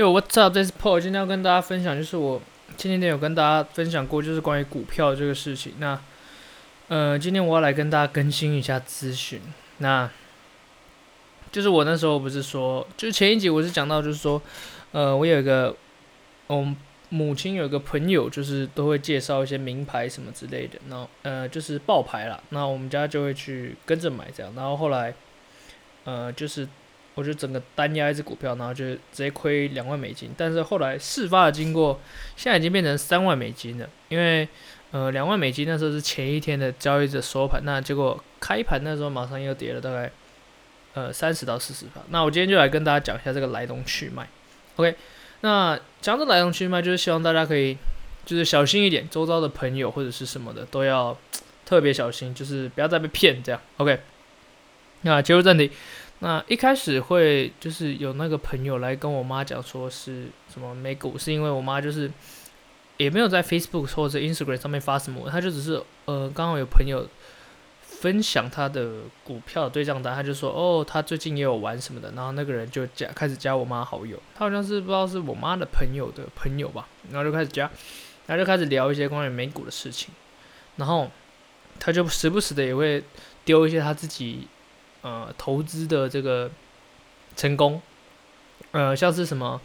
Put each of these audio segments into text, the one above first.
Yo, what's up? This is Paul。今天要跟大家分享，就是我前幾天有跟大家分享過，就是關於股票這個事情。那，呃，今天我要來跟大家更新一下資訊。那，就是我那時候不是說，就前一集我是講到，就是說，呃，我有一個，我母親有一個朋友，就是都會介紹一些名牌什麼之類的。那，呃，就是爆牌啦。那我們家就會去跟着買這樣。然後後來，呃，就是。我就整個單壓一隻股票，然後就直接虧兩萬美金。但是後來事發的經過，現在已經變成三萬美金了。因為，呃，兩萬美金那時候是前一天的交易的收盤，那結果開盤的時候馬上又跌了大概，呃，三十到四十吧。那我今天就來跟大家講一下這個來龍去脈。OK，那講這來龍去脈，就是希望大家可以就是小心一點，周遭的朋友或者是什麼的都要特別小心，就是不要再被騙這樣。OK，那結入正題。那一開始會就是有那個朋友來跟我媽講說是什麼美股，是因為我媽就是也沒有在 Facebook 或者 Instagram 上面發什麼，他就只是呃剛好有朋友分享他的股票的對賬單，他就說哦他最近也有玩什麼的，然後那個人就加開始加我媽好友，他好像是不知道是我媽的朋友的朋友吧，然後就開始加，然後就開始聊一些關於美股的事情，然後他就時不時的也會丟一些他自己。呃、嗯，投資的這個成功，呃，像是什麼，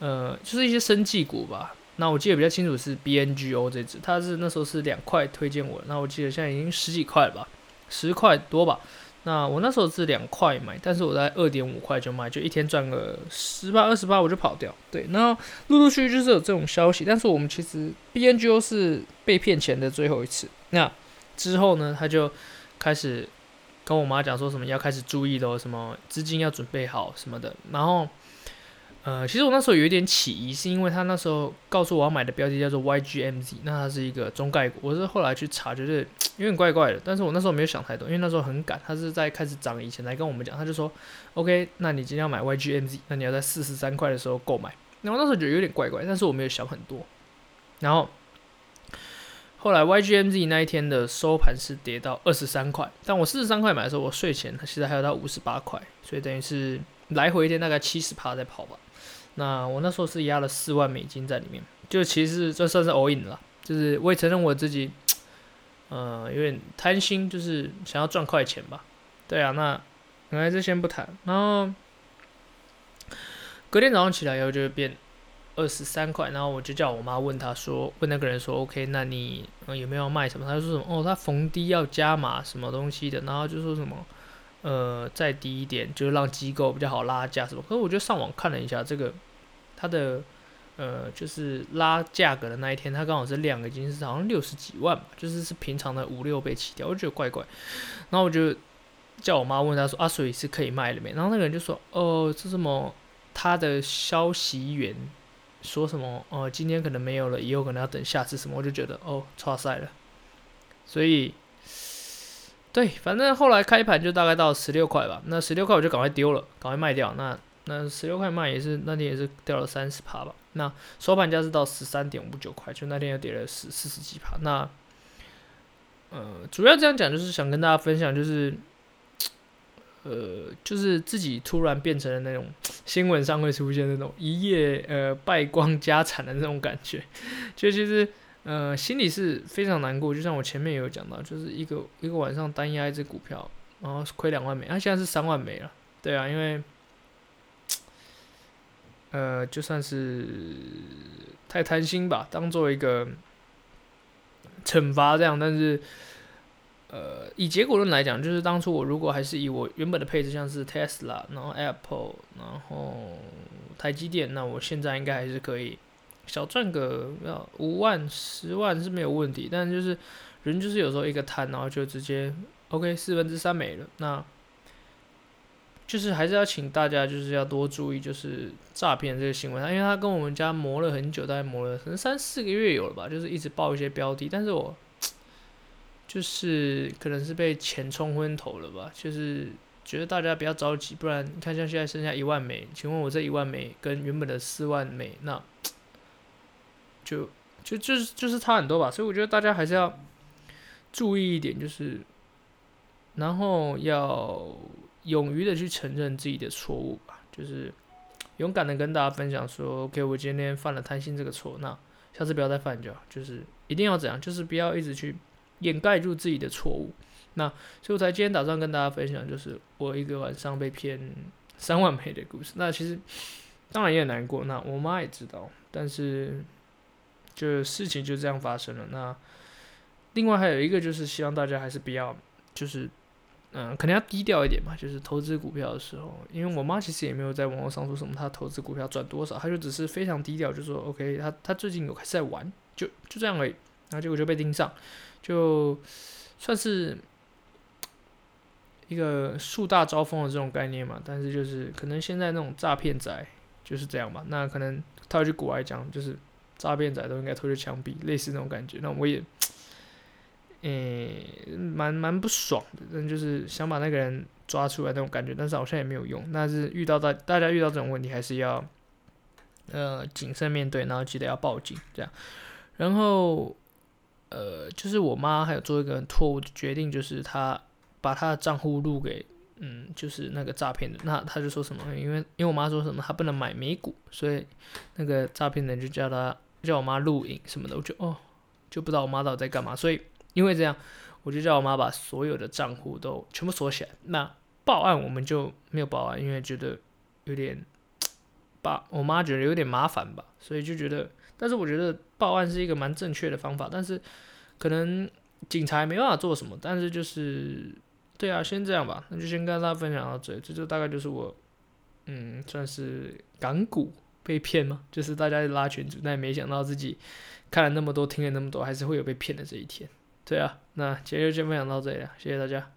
呃，就是一些生技股吧。那我記得比較清楚是 BNGO 這隻，它是那時候是兩塊推薦我，那我記得現在已經十幾塊了吧，十塊多吧。那我那時候是兩塊買，但是我在二點五塊就賣，就一天賺個十八二十八，我就跑掉。對，那陸陸續續就是有這種消息，但是我們其實 BNGO 是被騙錢的最後一次。那之後呢，他就開始。跟我媽講說什麼要開始注意的，哦，什麼資金要準備好什麼的。然後，呃，其實我那時候有一點起疑，是因為她那時候告訴我要買的標的叫做 YGMZ，那它是一個中概股。我是後來去查，就是有點怪怪的。但是我那時候沒有想太多，因為那時候很趕，她是在開始漲以前來跟我們講，他就說：“OK，那你今天要買 YGMZ，那你要在四十三塊的時候購買。”然後我那時候覺得有點怪怪，但是我沒有想很多。然後。後來 YGMZ 那一天的收盤是跌到二十三塊，但我四十三塊買的時候，我睡前它其實還有到五十八塊，所以等於是來回一天大概七十趴在跑吧。那我那時候是壓了四萬美金在裡面，就其實這算是 all in 了，就是我也承認我自己，嗯、呃，有點貪心，就是想要賺快錢吧。對啊，那我還是先不談。然後隔天早上起來以後就會變。二十三塊，然後我就叫我媽問他說，問那個人說，OK，那你、呃、有沒有賣什麼？他說什麼，哦，他逢低要加碼什麼東西的，然後就說什麼，呃，再低一點，就是讓機構比較好拉價什麼。可是我就上網看了一下，這個他的呃，就是拉價格的那一天，他剛好是兩個金市好像六十幾萬吧，就是是平常的五六倍起跳，我就覺得怪怪。然後我就叫我媽問他說，啊，所以是可以賣了沒？然後那個人就說，哦、呃，這是什麼他的消息源。說什麼？哦、呃，今天可能沒有了，以後可能要等下次什麼？我就覺得哦，挫賽了。所以，對，反正後來開盤就大概到十六塊吧。那十六塊我就趕快丟了，趕快賣掉。那那十六塊賣也是，那天也是掉了三十趴吧。那收盤價是到十三點五九塊，就那天又跌了四四十幾趴。那，呃，主要這樣講就是想跟大家分享就是。呃，就是自己突然變成了那種新聞上會出現的那種一夜呃敗光家產的那種感覺， 就其實呃心裡是非常難過。就像我前面也有講到，就是一個一個晚上單押一隻股票，然後虧兩萬美，它、啊、現在是三萬美了。對啊，因為呃就算是太貪心吧，當作一個懲罰這樣，但是。呃，以結果論來講，就是當初我如果還是以我原本的配置，像是 Tesla，然後 Apple，然後台積電，那我現在應該還是可以小賺個要五萬、十萬是沒有問題。但就是人就是有時候一個貪，然後就直接 OK 四分之三沒了。那就是還是要請大家就是要多注意就是詐騙這個行為，因為他跟我們家磨了很久，大概磨了可能三四個月有了吧，就是一直報一些標的，但是我。就是可能是被錢沖昏頭了吧，就是覺得大家不要着急，不然你看像現在剩下一萬枚，請問我這一萬枚跟原本的四萬枚，那就就就，就是就是差很多吧。所以我覺得大家還是要注意一點，就是然後要勇於的去承認自己的錯誤吧，就是勇敢的跟大家分享說，OK，我今天犯了貪心這個錯，那下次不要再犯就好，就是一定要這樣，就是不要一直去。掩蓋住自己的錯誤，那所以我才今天打算跟大家分享，就是我一個晚上被騙三萬美金的故事。那其實當然也很難過，那我媽也知道，但是就事情就這樣發生了。那另外還有一個就是希望大家還是比較就是嗯、呃，可能要低調一點嘛。就是投資股票的時候，因為我媽其實也沒有在網絡上說什麼她投資股票賺多少，她就只是非常低調，就說 OK，她她最近有在玩，就就這樣而已，然後結果就被盯上。就算是一個樹大招風的這種概念嘛，但是就是可能現在那種詐騙仔就是這樣嘛。那可能他要去國外講，就是詐騙仔都應該拖去槍斃，類似那種感覺。那我也，嗯、欸，蠻蠻不爽的，但就是想把那個人抓出來的那種感覺，但是好像也沒有用。那是遇到大家大家遇到這種問題，還是要呃謹慎面對，然後記得要報警這樣，然後。呃，就是我媽還有做一個很錯誤的決定，就是她把她的賬戶錄給，嗯，就是那個詐騙的。那她就說什麼？因為因為我媽說什麼她不能買美股，所以那個詐騙人就叫她，叫我媽錄影什麼的。我就哦，就不知道我媽到底在幹嘛。所以因為這樣，我就叫我媽把所有的賬戶都全部鎖起來。那報案我們就沒有報案，因為覺得有點。爸，我媽覺得有點麻煩吧，所以就覺得，但是我覺得報案是一個蠻正確的方法，但是可能警察沒有辦法做什麼，但是就是，對啊，先這樣吧，那就先跟大家分享到這，這就大概就是我，嗯，算是港股被騙嘛，就是大家拉群組，但也沒想到自己看了那麼多，聽了那麼多，還是會有被騙的這一天。對啊，那今天就先分享到這裡了，謝謝大家。